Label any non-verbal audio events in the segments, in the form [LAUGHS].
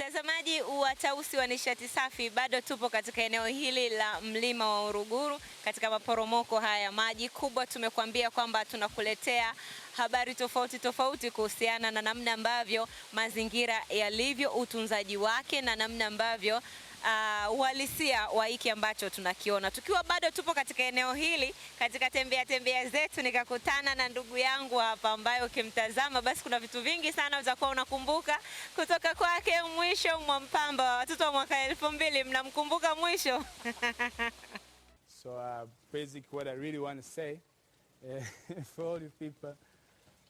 Mtazamaji wa Tausi wa Nishati Safi, bado tupo katika eneo hili la mlima wa Uruguru katika maporomoko haya ya maji kubwa. Tumekuambia kwamba tunakuletea habari tofauti tofauti kuhusiana na namna ambavyo mazingira yalivyo, utunzaji wake na namna ambavyo uh, uhalisia wa hiki ambacho tunakiona. Tukiwa bado tupo katika eneo hili, katika tembea tembea zetu, nikakutana na ndugu yangu hapa, ambaye ukimtazama basi kuna vitu vingi sana utakuwa unakumbuka kutoka kwake. Mwisho mwa Mpamba wa watoto wa mwaka elfu mbili, mnamkumbuka Mwisho? [LAUGHS] So uh, basic what I really want to say uh, [LAUGHS] for all you people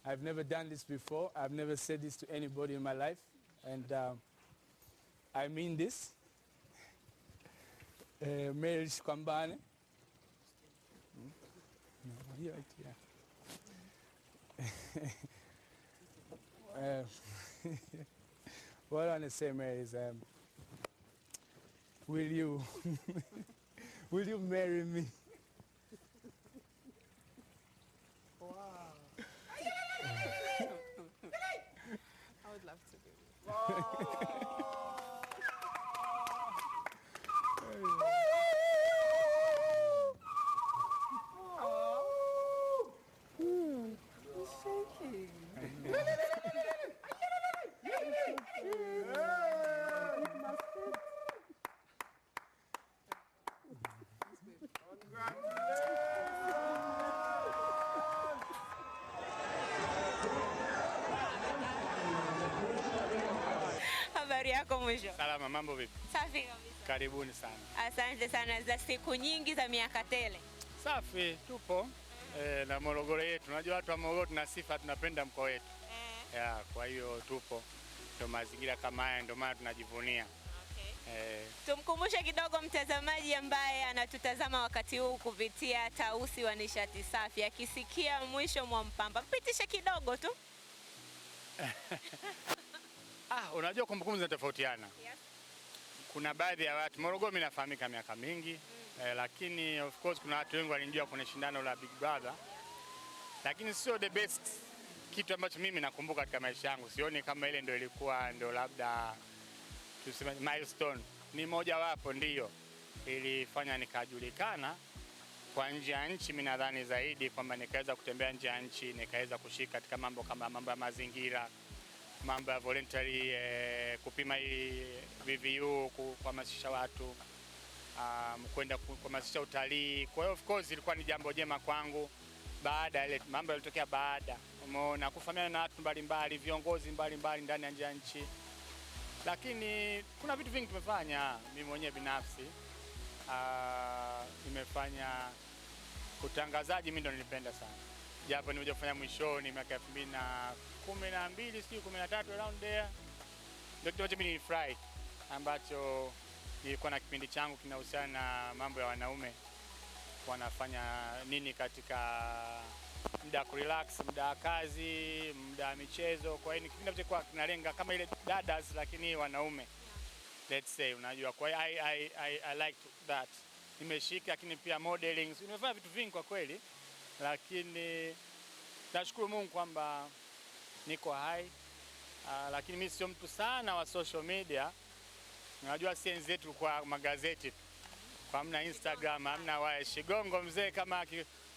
I've never done this before I've never said this to anybody in my life and um, I mean this eh, meli sipambane hiyo eh, itia wala niseme is um, will you [LAUGHS] will you marry me wow [LAUGHS] I would love to do. Wow. mambo vipi? Safi kabisa. Karibuni sana. Asante sana za siku nyingi za miaka tele. Safi, tupo e, na Morogoro yetu. Unajua watu wa Morogoro tuna sifa, tunapenda mkoa wetu e. Ya, kwa hiyo tupo, ndio mazingira kama haya, ndio maana tunajivunia. Eh. Tumkumbushe kidogo mtazamaji ambaye anatutazama wakati huu kupitia Tausi wa Nishati Safi, akisikia mwisho mwa Mpamba, mpitishe kidogo tu. [LAUGHS] Ah, unajua kumbukumbu zinatofautiana. Yes kuna baadhi ya watu Morogoro, mimi nafahamika miaka mingi hmm. eh, lakini of course kuna watu wengi walinijua kwenye shindano la Big Brother, lakini sio the best kitu ambacho mimi nakumbuka katika maisha yangu. Sioni kama ile ndio ilikuwa ndio labda tuseme milestone, ni mojawapo ndio ilifanya nikajulikana kwa nje ya nchi. Mimi nadhani zaidi kwamba nikaweza kutembea nje ya nchi, nikaweza kushika katika mambo kama mambo ya mazingira mambo ya voluntary eh, kupima hii VVU kuhamasisha watu um, kwenda kuhamasisha utalii. Kwa hiyo of course ilikuwa ni jambo jema kwangu baada ile mambo yalitokea, baada umeona kufahamiana na watu mbalimbali, viongozi mbalimbali ndani ya nje ya nchi, lakini kuna vitu vingi tumefanya. Mimi mwenyewe binafsi uh, utangazaji, mimi ndo nilipenda sana, japo nimekuja kufanya mwishoni miaka elfu mbili na kumi na mbili sijui kumi na tatu around there, ndio kitu ambacho mimi nilifurahi, ambacho nilikuwa na kipindi changu kinahusiana na mambo ya wanaume wanafanya nini katika muda wa kurelax, muda wa kazi, muda wa michezo. Kwa hiyo ni kipindi ambacho kwa kinalenga kama ile dadas, lakini wanaume let's say, unajua. Kwa hiyo I, I, I, I liked that nimeshika, lakini pia modeling, nimefanya vitu vingi kwa kweli, lakini nashukuru Mungu kwamba niko hai uh, lakini mimi sio mtu sana wa social media. Unajua sienzi zetu kwa magazeti kwa amna Instagram, amna wae Shigongo mzee, kama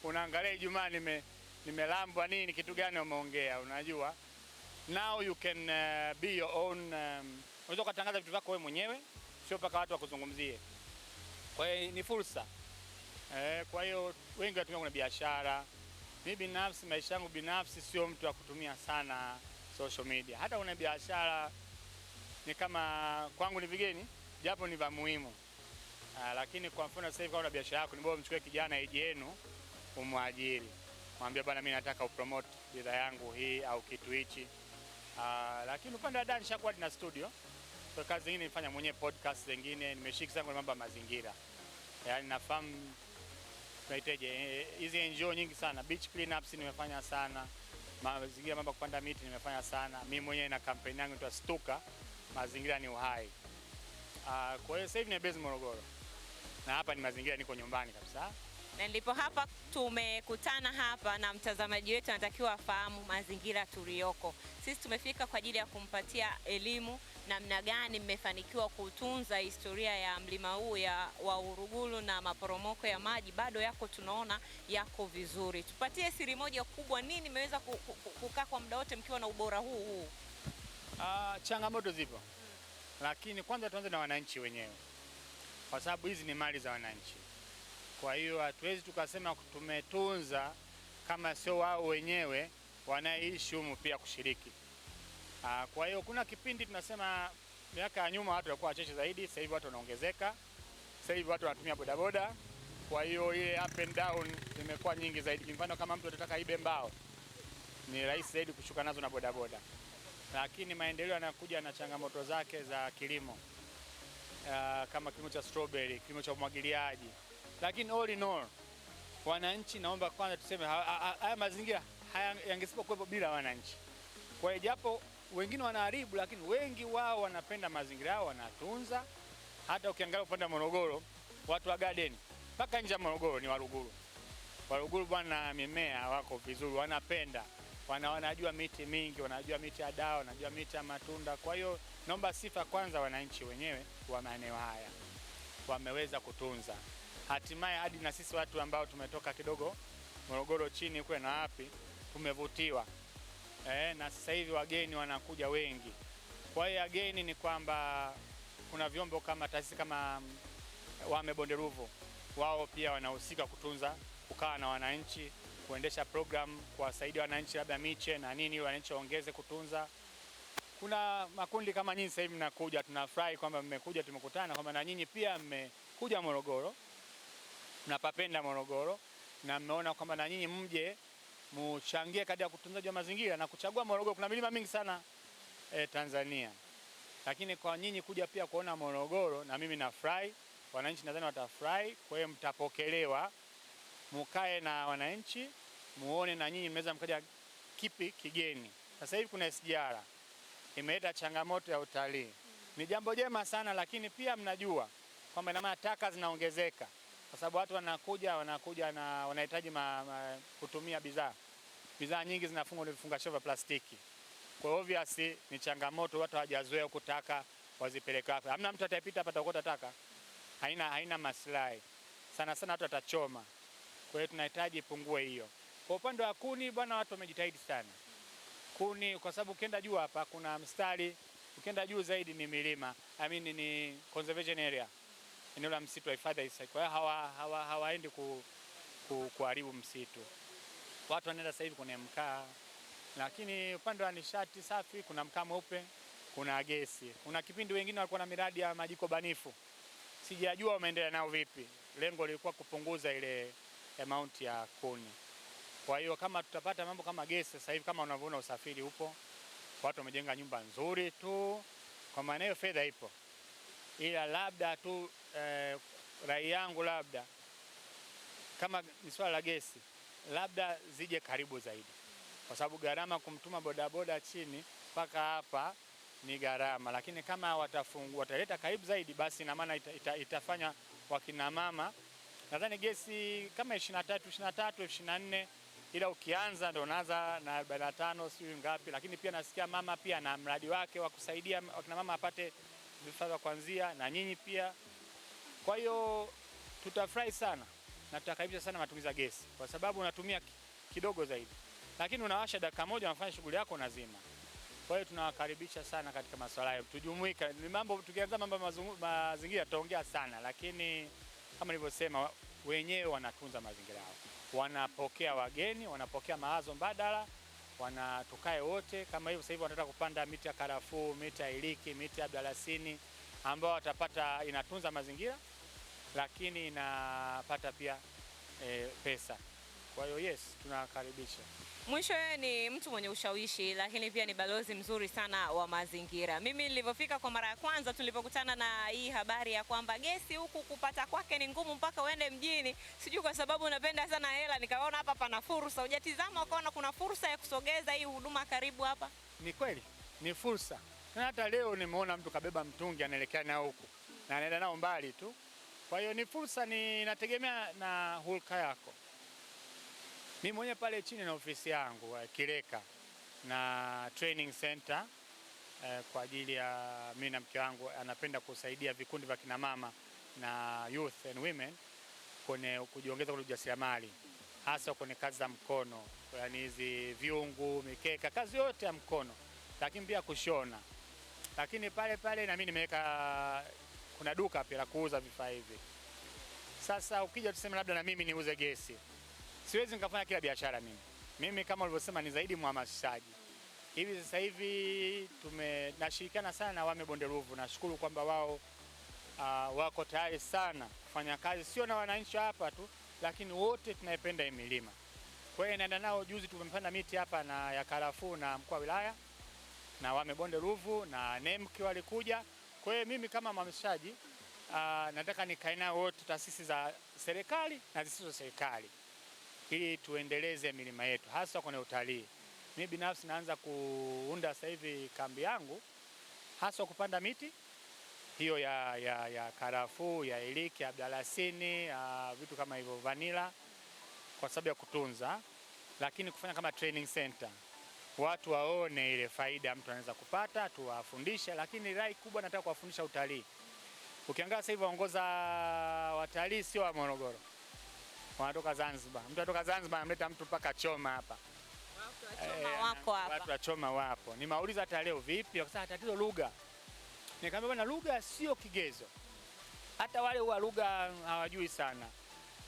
unaangalia Ijumaa nime nimelambwa nini, kitu gani umeongea? Unajua, now you can uh, be your own um, unaweza kutangaza vitu vyako wewe mwenyewe, sio mpaka watu wakuzungumzie. Kwa hiyo ni fursa eh, kwa hiyo wengi watumia kuna biashara Mi binafsi, maisha yangu binafsi, sio mtu wa kutumia sana social media. Hata una biashara ni kama kwangu ni vigeni, japo ni vya muhimu. Ah, lakini kwa mfano sasa hivi kama una biashara yako, ni bora mchukue kijana eji yenu umwajiri, mwambie bwana, mimi nataka upromote bidhaa yangu hii au kitu hichi. Ah, lakini upande wa dance nishakuwa na studio kwa kazi zingine nifanya mwenyewe, podcast zingine nimeshika zangu mambo ya mazingira, yaani nafahamu tunaiteje, eh, hizi NGO nyingi sana, beach cleanups nimefanya sana, mazingira mambo kupanda miti nimefanya sana mimi mwenyewe, na kampeni yangu inaitwa Stuka, mazingira ni uhai. Uh, kwa hiyo sasa hivi ni base Morogoro na hapa ni mazingira, niko nyumbani kabisa na nilipo hapa. Tumekutana hapa na mtazamaji wetu anatakiwa afahamu mazingira tuliyoko sisi. Tumefika kwa ajili ya kumpatia elimu namna gani mmefanikiwa kutunza historia ya mlima huu ya wa Uluguru na maporomoko ya maji bado yako, tunaona yako vizuri. Tupatie siri moja kubwa, nini imeweza kukaa kwa muda wote mkiwa na ubora huu huu? Uh, changamoto zipo hmm, lakini kwanza tuanze na wananchi wenyewe, kwa sababu hizi ni mali za wananchi. Kwa hiyo hatuwezi tukasema tumetunza kama sio wao wenyewe wanaishi humu pia kushiriki Ah, kwa hiyo kuna kipindi tunasema miaka ya nyuma watu walikuwa wachache zaidi, sasa hivi watu wanaongezeka, sasa hivi watu wanatumia bodaboda. Kwa hiyo ile up and down imekuwa nyingi zaidi. Mfano kama mtu atataka ibe mbao ni rahisi zaidi kushuka nazo na bodaboda, lakini maendeleo yanakuja na changamoto zake za kilimo uh, kama kilimo cha strawberry, kilimo cha umwagiliaji, lakini all in all wananchi, naomba kwanza tuseme haya ha, ha, ha, mazingira yangesipa kuwepo bila wananchi. Kwa hiyo japo wengine wanaharibu, lakini wengi wao wanapenda mazingira yao, wanatunza. Hata ukiangalia upande wa Morogoro, watu wa garden mpaka nje ya Morogoro ni Waruguru. Waruguru bwana, mimea wako vizuri, wanapenda wana, wanajua miti mingi, wanajua miti ya dawa, wanajua miti ya matunda. Kwa hiyo naomba sifa kwanza wananchi wenyewe wa maeneo haya, wameweza kutunza hatimaye, hadi na sisi watu ambao tumetoka kidogo Morogoro chini kule na wapi, tumevutiwa eh, na sasa hivi wageni wanakuja wengi. Kwa hiyo ageni ni kwamba kuna vyombo kama taasisi kama eh, Wame Bonde Ruvu, wao pia wanahusika kutunza, kukaa na wananchi, kuendesha program, kuwasaidia wananchi labda miche na nini, wananchi waongeze kutunza. Kuna makundi kama nyinyi sasa hivi mnakuja, tunafurahi kwamba mmekuja, tumekutana kwamba na nyinyi pia mmekuja Morogoro, mnapapenda Morogoro na mmeona kwamba na nyinyi mje muchangie kadi ya kutunzaji wa mazingira na kuchagua Morogoro. Kuna milima mingi sana e, Tanzania, lakini kwa nyinyi kuja pia kuona Morogoro na mimi nafurahi, wananchi nadhani watafurahi. Kwa hiyo mtapokelewa, mukae na wananchi, muone na nyinyi mnaweza mkaja kipi kigeni. Sasa hivi kuna SGR imeleta changamoto ya utalii, ni jambo jema sana, lakini pia mnajua kwamba ina maana taka zinaongezeka kwa sababu watu wanakuja wanakuja na wanahitaji kutumia bidhaa. Bidhaa nyingi zinafungwa kwenye vifungashio vya plastiki, kwa hiyo obviously ni changamoto, watu hawajazoea kutaka wazipeleke wapi. Hamna mtu atayepita hapa atakota taka, haina, haina maslahi sana sana, watu atachoma. Kwa hiyo tunahitaji ipungue hiyo. Kwa upande wa kuni bwana, watu wamejitahidi sana kuni, kwa sababu ukienda juu hapa kuna mstari, ukienda juu zaidi ni milima I mean, ni conservation area eneo la msitu wa hifadhi Isaka. Kwa hiyo hawa, hawa, hawaendi ku, ku, kuharibu msitu. Watu wanaenda sasa hivi kwenye mkaa, lakini upande wa nishati safi kuna mkaa mweupe, kuna gesi. Kuna kipindi wengine walikuwa na miradi ya majiko banifu, sijajua wameendelea nao vipi. Lengo lilikuwa kupunguza ile eh, amount ya kuni. Kwa hiyo kama tutapata mambo kama gesi sasa hivi, kama unavyoona usafiri upo, watu wamejenga nyumba nzuri tu, kwa maana hiyo fedha ipo, ila labda tu eh, rai yangu labda kama ni swala la gesi, labda zije karibu zaidi, kwa sababu gharama kumtuma bodaboda chini mpaka hapa ni gharama, lakini kama watafungua wataleta karibu zaidi, basi na maana ita, ita, itafanya wakina mama nadhani gesi kama 23 23 24 ila ukianza ndo unaanza na arobaini na tano sijui ngapi, lakini pia nasikia mama pia na mradi wake wa kusaidia wakina mama apate vifaa vya kuanzia, na nyinyi pia kwa hiyo tutafurahi sana na tutakaribisha sana matumizi ya gesi, kwa sababu unatumia kidogo zaidi, lakini unawasha dakika moja, unafanya shughuli yako, nazima. Kwa hiyo tunawakaribisha sana katika masuala hayo, tujumuika. Ni mambo tukianza mambo mazingira tutaongea sana, lakini kama nilivyosema, wenyewe wanatunza mazingira yao, wanapokea wageni, wanapokea mawazo mbadala, wanatukae wote kama hivyo. Sasa hivi wanataka kupanda miti ya karafuu, miti ya iliki, miti ya dalasini, ambao watapata inatunza mazingira lakini inapata pia e, pesa. Kwa hiyo yes, tunakaribisha. Mwisho yeye ni mtu mwenye ushawishi, lakini pia ni balozi mzuri sana wa mazingira. Mimi nilivyofika kwa mara ya kwanza, tulipokutana na hii habari ya kwamba gesi huku kupata kwake ni ngumu, mpaka uende mjini, sijui kwa sababu unapenda sana hela, nikaona hapa pana fursa. Ujatizama ukaona kuna fursa ya kusogeza hii huduma karibu hapa? Ni kweli, ni fursa, na hata leo nimeona mtu kabeba mtungi anaelekea nao huku na anaenda nao mbali tu kwa hiyo ni fursa, ni nategemea na hulka yako. Mi mwenyewe pale chini na ofisi yangu eh, Kireka na training center eh, kwa ajili ya mimi na mke wangu anapenda kusaidia vikundi vya kina mama na youth and women kwenye kujiongeza kwenye ujasiriamali hasa kwenye kazi za mkono, yani hizi viungu, mikeka, kazi yote ya mkono, lakini pia kushona. Lakini pale pale na mimi nimeweka kuna duka pia la kuuza vifaa hivi. Sasa ukija tuseme labda na mimi niuze gesi, siwezi nikafanya kila biashara mimi. Mimi kama ulivyosema ni zaidi mhamasishaji. Hivi sasa hivi tume nashirikiana sana na Wame Bonde Ruvu, nashukuru kwamba wao uh, wako tayari sana kufanya kazi, sio na wananchi hapa tu, lakini wote tunaipenda milima. Kwa hiyo naenda nao. Juzi tumepanda miti hapa na ya karafuu na mkuu wa wilaya na Wame Bonde Ruvu na Nemki walikuja. Kwa hiyo mimi kama mhamasishaji uh, ah, nataka nikae nao wote, taasisi za serikali na zisizo serikali, ili tuendeleze milima yetu, hasa kwenye utalii. Mimi binafsi naanza kuunda sasa hivi kambi yangu hasa kupanda miti hiyo ya, ya, ya karafuu, ya iliki, ya dalasini, ya vitu kama hivyo vanila, kwa sababu ya kutunza, lakini kufanya kama training center watu waone ile faida mtu anaweza kupata, tuwafundishe. Lakini rai kubwa nataka kuwafundisha utalii. Ukiangalia sasa hivi waongoza watalii sio wa Morogoro, wanatoka Zanzibar. Mtu anatoka Zanzibar anamleta mtu mpaka Choma hapa, watu wa Choma eh, wapo. Nimauliza hata leo, vipi? Wakasema tatizo lugha. Nikamwambia bwana, lugha sio kigezo, hata wale wa lugha hawajui sana,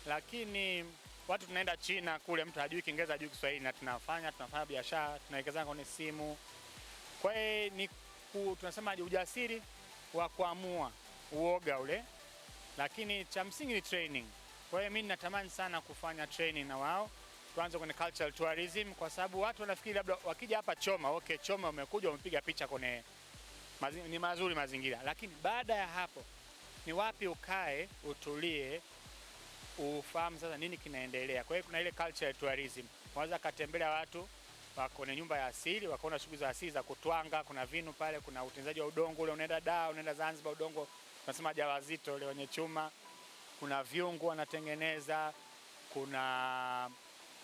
lakini watu tunaenda China kule, mtu hajui Kiingereza hajui Kiswahili, na tunafanya tunafanya biashara tunawekeza kwenye simu. Kwa hiyo ni tunasema ujasiri wa kuamua, uoga ule, lakini cha msingi ni training. Kwa hiyo mimi natamani sana kufanya training na wao, tuanze kwenye cultural tourism, kwa sababu watu wanafikiri labda wakija hapa Choma, okay, Choma umekuja umepiga picha kwenye ni mazuri mazingira, lakini baada ya hapo ni wapi ukae utulie ufahamu sasa nini kinaendelea. Kwa hiyo kuna ile culture ya tourism, unaweza katembelea watu na nyumba ya asili wakaona shughuli za asili za kutwanga, kuna vinu pale, kuna utenzaji wa udongo ule unaenda daa, unaenda Zanzibar, udongo tunasema jawazito ule wenye chuma, kuna vyungu wanatengeneza, kuna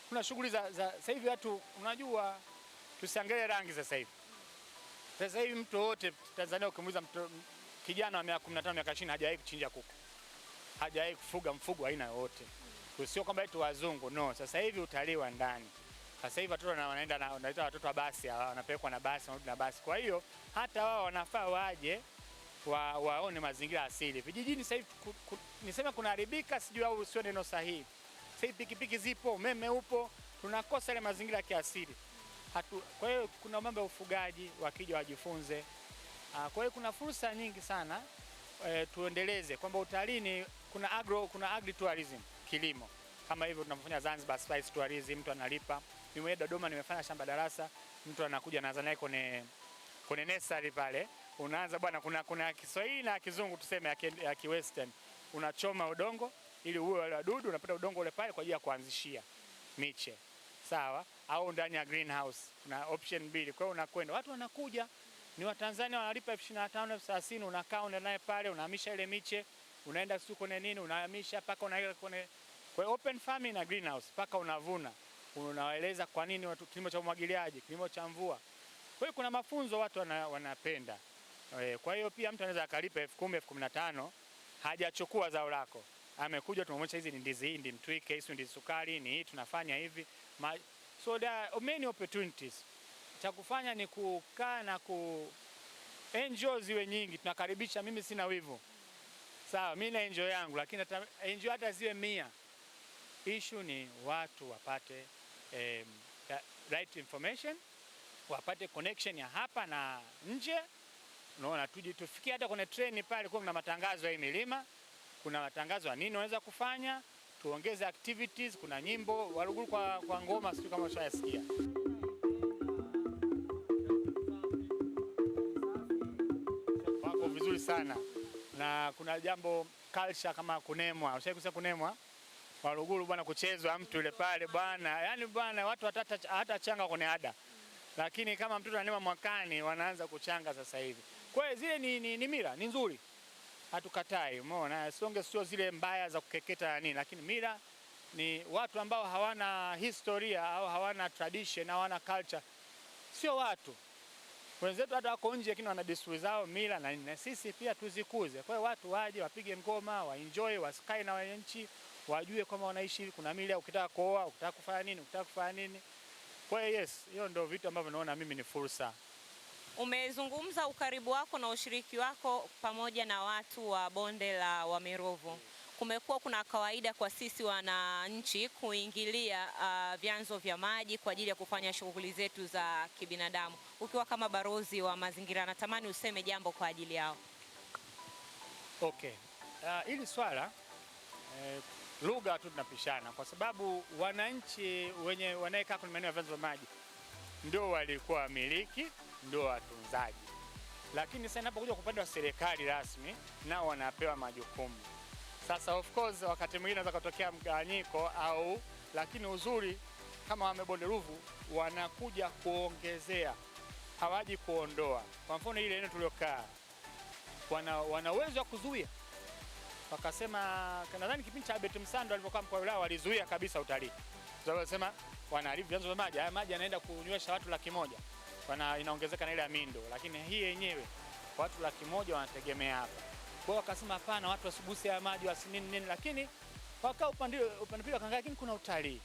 kuna shughuli za, za sasa hivi watu, unajua tusiangalie rangi sasa hivi. Sasa hivi mtu wote Tanzania ukimuuliza kijana wa miaka 15 miaka 20 hajawahi kuchinja kuku hajawahi kufuga mfugo aina yoyote, sio kwamba eti wazungu no. Sasa hivi utalii wa ndani, sasa hivi watoto wanaenda na wanaita watoto wa basi, wanapelekwa na basi, wanarudi na basi. Kwa hiyo hata wao wanafaa waje wa, waone mazingira asili vijijini. Sasa hivi niseme kunaharibika, sijui au sio neno sahihi. Sasa hivi pikipiki zipo, umeme upo, tunakosa ile mazingira ya kiasili hatu. Kwa hiyo kuna mambo ya ufugaji, wakija wajifunze. Ah, kwa hiyo kuna fursa nyingi sana e, tuendeleze kwamba utalii kuna agro, kuna agri tourism kilimo kama hivyo tunavyofanya Zanzibar Spice Tourism, mtu analipa. Mimi Dodoma nimefanya shamba darasa, mtu anakuja anaanza naye kwenye kwenye nursery pale, unaanza bwana, kuna kuna Kiswahili na Kizungu tuseme ya ki western, unachoma udongo ili uwe wale wadudu, unapata udongo ule pale kwa ajili ya kuanzishia miche sawa, au ndani ya greenhouse. Kuna option mbili, kwa hiyo unakwenda, watu wanakuja ni Watanzania wanalipa elfu ishirini na tano elfu thelathini unakaa unaenda pale unahamisha ile miche unaenda siku kwenye nini unahamisha paka unaweka kwenye kwa open farming na greenhouse paka unavuna unawaeleza kwa nini watu kilimo cha umwagiliaji kilimo cha mvua kwa hiyo kuna mafunzo watu wana, wanapenda e, kwa hiyo pia mtu anaweza akalipa elfu kumi elfu kumi na tano hajachukua zao lako amekuja tumemwonyesha hizi ni ndizi hii ndi mtwike hizi ndizi sukari ni hii tunafanya hivi Ma, so there are many opportunities cha kufanya ni kukaa na ku enjoy ziwe nyingi, tunakaribisha. Mimi sina wivu, sawa, mimi na enjoy yangu, lakini enjoy hata ziwe mia. Issue ni watu wapate eh, right information, wapate connection ya hapa na nje. Unaona, tuje tufikie hata kwenye treni pale, kwa kuna matangazo ya milima, kuna matangazo ya nini unaweza kufanya, tuongeze activities, kuna nyimbo Waluguru kwa, kwa ngoma, sio kama ushasikia. sana, na kuna jambo culture kama kunemwa. Ushawahi kusikia kunemwa? Waluguru bwana, kuchezwa mtu yule pale bwana, yani bwana, watu hata changa kwenye ada, lakini kama mtoto anema mwakani wanaanza kuchanga sasa hivi. Kwa hiyo zile ni, ni, ni mira ni nzuri, hatukatai. Umeona, songe sio zile mbaya za kukeketa nini, lakini mira ni watu ambao hawana historia au hawana tradition, hawana culture, sio watu Wenzetu hata wako nje, lakini wana desturi zao, mila na nini, na sisi pia tuzikuze. Kwa hiyo watu waje wapige ngoma, waenjoy, wasikae na wananchi, wajue kwamba wanaishi hivi, kuna mila. Ukitaka kuoa, ukitaka kufanya nini, ukitaka kufanya nini. Kwa hiyo yes, hiyo ndio vitu ambavyo naona mimi ni fursa. Umezungumza ukaribu wako na ushiriki wako pamoja na watu wa bonde la Wamiruvu kumekuwa kuna kawaida kwa sisi wananchi kuingilia uh, vyanzo vya maji kwa ajili ya kufanya shughuli zetu za kibinadamu. Ukiwa kama barozi wa mazingira, natamani useme jambo kwa ajili yao. Okay. Uh, hili swala eh, lugha tu tunapishana kwa sababu wananchi wenye wanaekaa kwenye maeneo ya vyanzo vya maji ndio walikuwa wamiliki, ndio watunzaji, lakini sasa inapokuja kwa upande wa serikali rasmi, nao wanapewa majukumu. Sasa of course wakati mwingine anaweza kutokea mgawanyiko au, lakini uzuri kama wamebonde ruvu wanakuja kuongezea, hawaji kuondoa. Kwa mfano ile eneo tuliokaa, wana wana uwezo wa kuzuia, wakasema nadhani kipindi cha Abeti Msando alipokuwa mkoa wa wilaya walizuia kabisa utalii, wasema wanaarifu vyanzo vya maji, haya maji yanaenda kunywesha watu laki moja wana, inaongezeka na ile ya Mindo, lakini hii yenyewe watu laki moja wanategemea hapa kwa wakasema hapana, watu wasiguse ya maji wasinini nini, lakini wakaa upande upande pili wakaangalia, lakini kuna utalii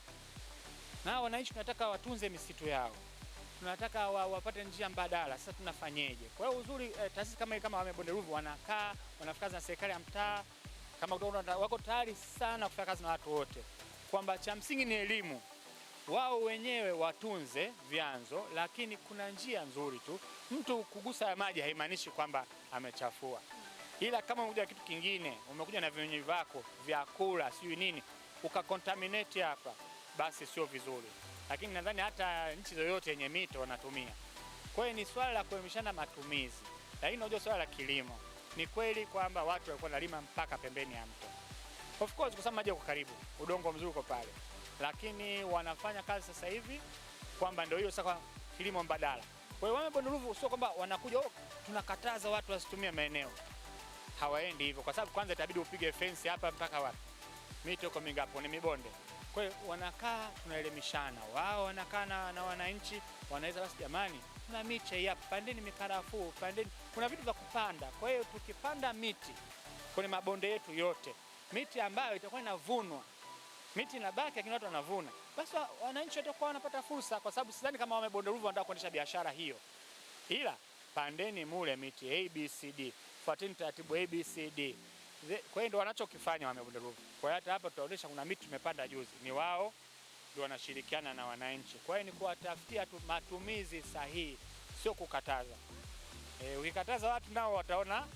na wananchi tunataka watunze misitu yao, tunataka wa, wapate njia mbadala. Sasa tunafanyeje? Kwa hiyo uzuri eh, taasisi kama hii kama Bonde Ruvu wanakaa wanafanya na serikali ya mtaa kama kutoka, wako tayari sana kufanya kazi na watu wote, kwamba cha msingi ni elimu, wao wenyewe watunze vyanzo, lakini kuna njia nzuri tu. Mtu kugusa maji haimaanishi kwamba amechafua ila kama umekuja kitu kingine, umekuja na vinywaji vyako vya kula sijui nini, ukakontaminate hapa, basi sio vizuri. Lakini nadhani hata nchi zoyote yenye mito wanatumia. Kwa hiyo ni swala la kuelimishana matumizi, lakini unajua swala la kilimo, ni kweli kwamba watu walikuwa wanalima mpaka pembeni ya mto, of course, kwa sababu maji yako karibu, udongo mzuri uko pale, lakini wanafanya kazi sasa hivi kwamba ndio hiyo sasa kilimo mbadala. Kwa hiyo wamebonduluvu, sio kwamba wanakuja oh, tunakataza watu wasitumie maeneo hawaendi hivyo, kwa sababu kwanza itabidi upige fence hapa mpaka wapi, mito iko mingapo, ni mibonde. Kwa hiyo wanakaa, tunaelimishana, wao wanakaa na wananchi, wanaweza basi, jamani, kuna miche hapa, pandeni mikarafuu, pandeni, kuna vitu vya kupanda. Kwa hiyo tukipanda miti kwenye mabonde yetu yote, miti ambayo itakuwa inavunwa, miti inabaki, lakini watu wanavuna, basi wananchi watakuwa wanapata fursa, kwa sababu sidhani kama wamebonde Ruvu wanataka kuendesha biashara hiyo, ila pandeni mule miti ABCD, fuateni taratibu ABCD. Kwa hiyo ndio wanachokifanya wamebunduruki. Kwa hiyo hata hapa tutaonyesha kuna miti tumepanda juzi, ni wao ndio wanashirikiana na wananchi. Kwa hiyo ni kuwatafutia matumizi sahihi, sio kukataza. E, ukikataza watu nao wataona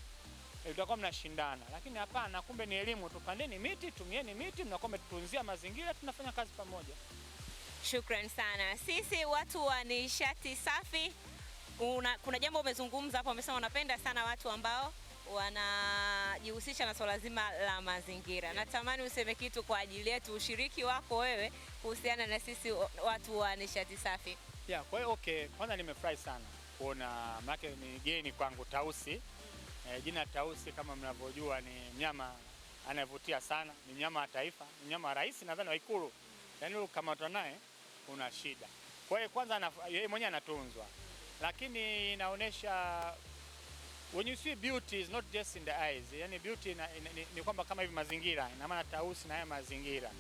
e, utakuwa mnashindana, lakini hapana. Kumbe ni elimu tu, pandeni miti, tumieni miti, mnakuwa mmetutunzia mazingira, tunafanya kazi pamoja. Shukran sana. Sisi watu wa nishati safi una, kuna jambo umezungumza hapo, umesema unapenda sana watu ambao wanajihusisha na swala zima la mazingira Natamani useme kitu kwa ajili yetu, ushiriki wako wewe kuhusiana na sisi watu wa nishati safi yeah. Kwa hiyo okay, kwanza nimefurahi sana kuona maana ni geni kwangu tausi. E, jina tausi kama mnavyojua ni mnyama anayevutia sana, ni mnyama wa taifa, ni mnyama wa rais nadhani wa Ikulu, yaani ukamatwa naye una shida. Kwa hiyo kwanza yeye mwenyewe anatunzwa lakini inaonyesha when you see beauty is not just in the eyes, yani beauty ina, ina, ni, ni kwamba kama hivi mazingira, ina maana Tausi na haya mazingira.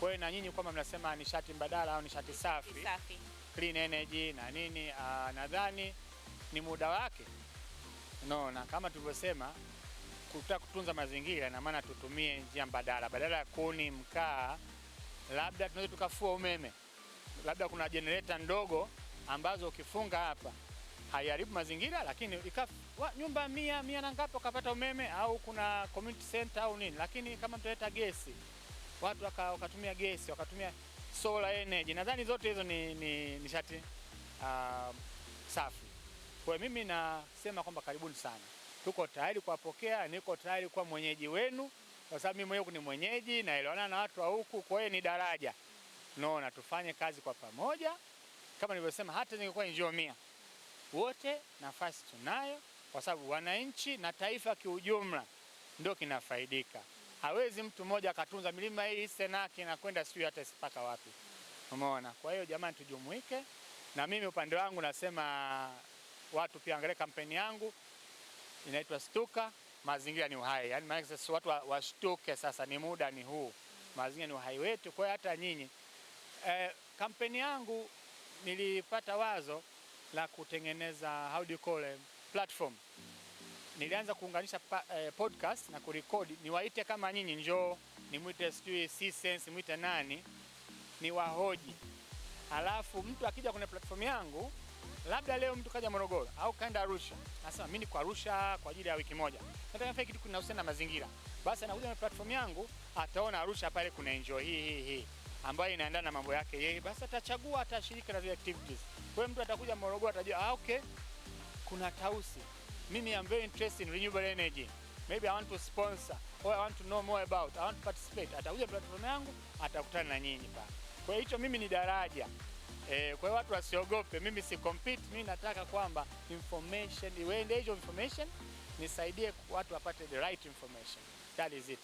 Kwa hiyo na nyinyi kwamba mnasema nishati mbadala au nishati safi, safi, clean energy na nini, ah, nadhani ni muda wake. No, na kama tulivyosema kutaka kutunza mazingira, ina maana tutumie njia mbadala, badala ya kuni, mkaa, labda tunaweza tukafua umeme, labda kuna jenereta ndogo ambazo ukifunga hapa haiharibu mazingira, lakini nyumba mia mia na ngapi wakapata umeme, au kuna community center au nini. Lakini kama mtaleta gesi, watu wakatumia gesi, wakatumia solar energy, nadhani zote hizo ni, ni nishati uh, ah, safi. Kwa mimi nasema kwamba karibuni sana, tuko tayari kuwapokea, niko tayari kuwa mwenyeji wenu, kwa sababu mimi mwenyewe ni mwenyeji, naelewana na watu wa huku. Kwa hiyo ni daraja, naona tufanye kazi kwa pamoja kama nilivyosema, hata zingekuwa njio mia, wote nafasi tunayo, kwa sababu wananchi na taifa kiujumla ndio kinafaidika. Hawezi mtu mmoja akatunza milima hii Isenaki na kwenda sijui hata sipaka wapi, umeona? Kwa hiyo jamani, tujumuike. Na mimi upande wangu nasema watu pia angalia kampeni yangu inaitwa Stuka mazingira ni uhai, yaani maana sasa watu washtuke wa sasa, ni muda ni huu, mazingira ni uhai wetu. Kwa hiyo hata nyinyi eh, kampeni yangu nilipata wazo la kutengeneza how do you call it, platform. Nilianza kuunganisha eh, podcast na kurekodi, niwaite kama nyinyi, njoo nimwite, sijui si sense mwite nani, niwahoji, alafu mtu akija kwenye platform yangu, labda leo mtu kaja Morogoro au kaenda Arusha, nasema mimi niko Arusha kwa ajili ya wiki moja, nataka nifanye kitu kinahusiana na mazingira, basi anakuja kwenye platform yangu, ataona Arusha pale kuna enjoy hii hii hii ambayo inaendana na mambo yake yeye, basi atachagua atashiriki na zile activities. Kwa hiyo mtu atakuja Morogoro atajua, ah, okay, kuna Tausi, mimi am very interested in renewable energy, maybe I want to sponsor or I want to know more about, I want to participate. Atakuja platform yangu atakutana na nyinyi pa. Kwa hiyo hicho mimi ni daraja Eh, kwa hiyo watu wasiogope, mimi si compete, mimi nataka kwamba information iwe ndio the information, nisaidie watu wapate the right information. That is it.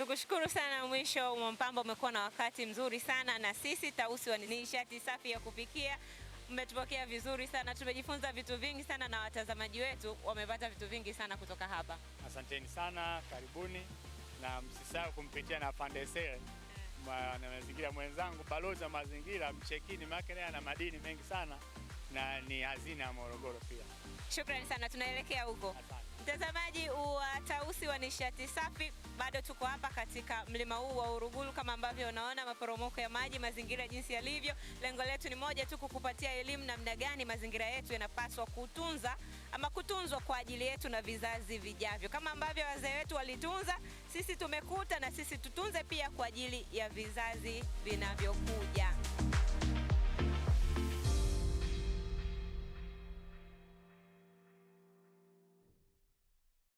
Tukushukuru sana Mwisho Mwampamba, umekuwa na wakati mzuri sana na sisi Tausi wa nishati safi ya kupikia. Mmetupokea vizuri sana, tumejifunza vitu vingi sana na watazamaji wetu wamepata vitu vingi sana kutoka hapa. Asanteni sana, karibuni na msisahau kumpitia na Pandesele na mazingira mwenzangu, balozi wa mazingira, mchekini makelea ana madini mengi sana na ni hazina ya Morogoro pia. Shukrani sana, tunaelekea huko. Mtazamaji wa Tausi wa Nishati Safi, bado tuko hapa katika mlima huu wa Uruguru. Kama ambavyo unaona maporomoko ya maji, mazingira jinsi yalivyo, lengo letu ni moja tu, kukupatia elimu namna gani mazingira yetu yanapaswa kutunza ama kutunzwa kwa ajili yetu na vizazi vijavyo. Kama ambavyo wazee wetu walitunza, sisi tumekuta na sisi tutunze pia kwa ajili ya vizazi vinavyokuja.